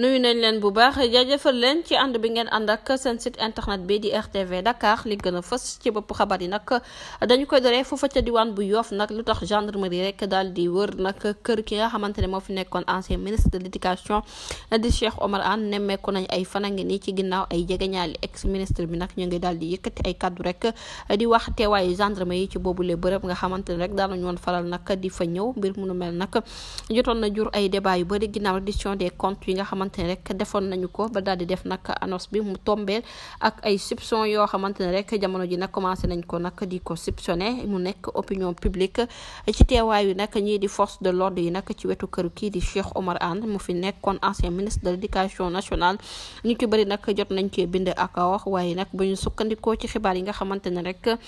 nuyu nañ leen bu baax jaajëfal leen ci ànd bi ngeen ànd ak seen site internet bi di RTV Dakar li gën a fës ci bopp xabaar yi nag dañu koy doree foofa ca diwaan bu yoof nag lu tax ma gendarmerie rek daal di wër nag kër ki nga xamante ne moo fi nekkoon ancien ministre de l'éducation di Cheikh Omar Anne nemmeeku nañ ay fan a ngi nii ci ginnaaw ay jegeñaali ex ministre bi nag ñu ngi daal di yëkkati ay kaddu rek di wax teewaayu gendarmerie yi ci boobulee bërëb nga xamante ne rek daal nañu woon faral nag di fa ñëw mbir mu nu na jur ay débat yu bari ginnaaw reddition xamante ne rek defoon nañu ko ba daal di def nag di ko de l'ordre yi nag ci wetu këru kii di Cheikh Omar Anne mu fi nekkoon ancien ministre de l'éducation nationale ñu ci bëri nag jot nañ cee bind ak a wax waaye nag bu ñu sukkandikoo ci xibaar yi nga xamante rek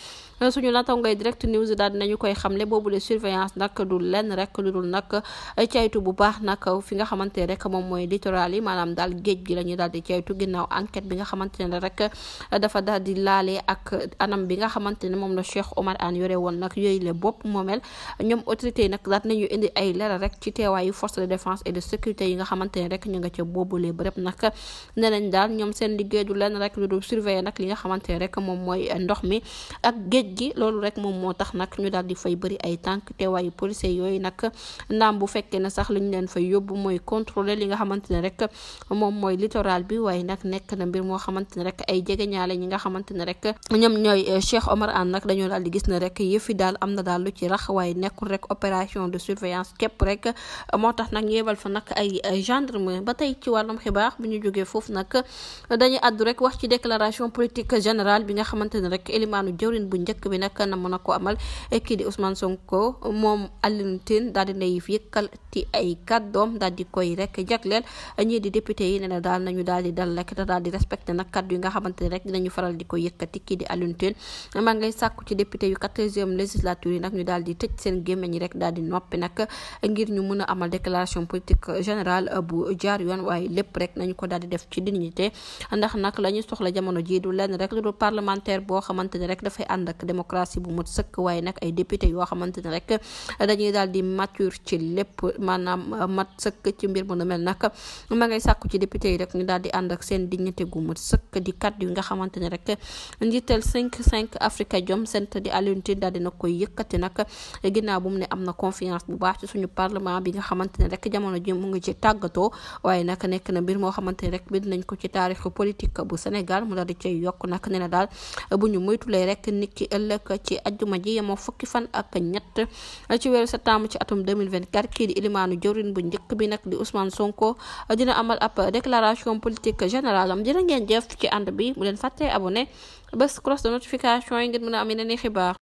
suñu nattangooy direct news daal dinañu koy xamle boobu le surveillance nag du lenn rek lu dul nag caytu bu baax nag fi nga xamante rek moom mooy littoral Fall yi maanaam daal géej gi la ñuy di ceytu ginnaaw enquête bi nga ne rek dafa bi nga xamante la Cheikh Omar Anne la bopp moomel ñoom autorité yi nag daat nañu indi ay leeral rek ci teewaayu force de défense et de sécurité yi nga xamante ne rek ñu nga ca boobulee moom mooy ndox mi ak géej gi loolu rek moom moo tax nag ñu dal di fay bëri ay tànk teewaayu policier yooyu nag naam bu fekkee ne sax li leen fay yóbbu mooy contrôler li nga xamante moom mooy littoral bi waaye nag nekk na mbir moo xamante ne rek ay jegeñaale ñi nga xamante ne rek ñoom ñooy eh, Cheikh Omar Anne nag dañoo daal di gis ne rek yëfi daal am na daal lu ci rax waaye nekkul rek opération de surveillance képp rek moo tax nag ñu fa nag ay gendarme ba tey ci wàllum xibaar bu ñu jógee foofu nag dañuy àddu rek wax ci déclaration politique générale bi nga xamante ne rek élimaanu jëwrin bu njëkk bi nag na mën a ko amal eh, kii di Ousmane Sonko moom Alioune Tine daal di nay yëkkal ci ay kàddoom daal di koy rek jagleel ñii di député yi ne na daal nañu daal di dal rek te daal di respecté nag kàddu yi nga xamante ne rek dinañu faral di ko yëkkati kii di Alioune Tine maa ngi lay ci député yu quatorzième législature yi nag ñu daal di tëj seen gémmiñ ñi rek daal di noppi nag ngir ñu mën a amal déclaration politique général bu jaar yoon waaye lépp rek nañu ko daal di def ci te ndax nag la ñu soxla jamono jii du lenn rek lu du parlementaire boo xamante ne rek dafay ànd ak démocratie bu mot sëkk waaye nag ay député yoo xamante ne rek dañuy daal di mature ci lépp maanaam mat sëkk ci mbir mu nu mel nag ma ngay sàkku ci député yi rek ñu daal di ànd ak seen dignité gu mu sëkk di kàddu yi nga xamante ne rek njiital cinq 5 Africa Jom Center di Alioune Tine daal dina koy yëkkati nag ginnaaw bu mu ne am na confiance bu baax ci suñu parlement bi nga xamante ne rek jamono ji mu nga ci tàggatoo waaye nag nekk na mbir moo xamante ne rek bind nañ ko ci taarixu politique bu Sénégal mu daal di yokk nag nee na daal bu ñu moytulee rek nit ki ëllëg ci ajjuma ji yemoo fukki fan ak ñett ci weeru septembre ci atum 2024 kii di ilimaanu jawrin bu njëkk bi nag di Ousmane Sonko dina amal ab déclaration politique générale am dina ngeen jëf ci ànd bi mu leen fàttee abonné bés cross de notification yi ngir mën a am yeneen i xibaar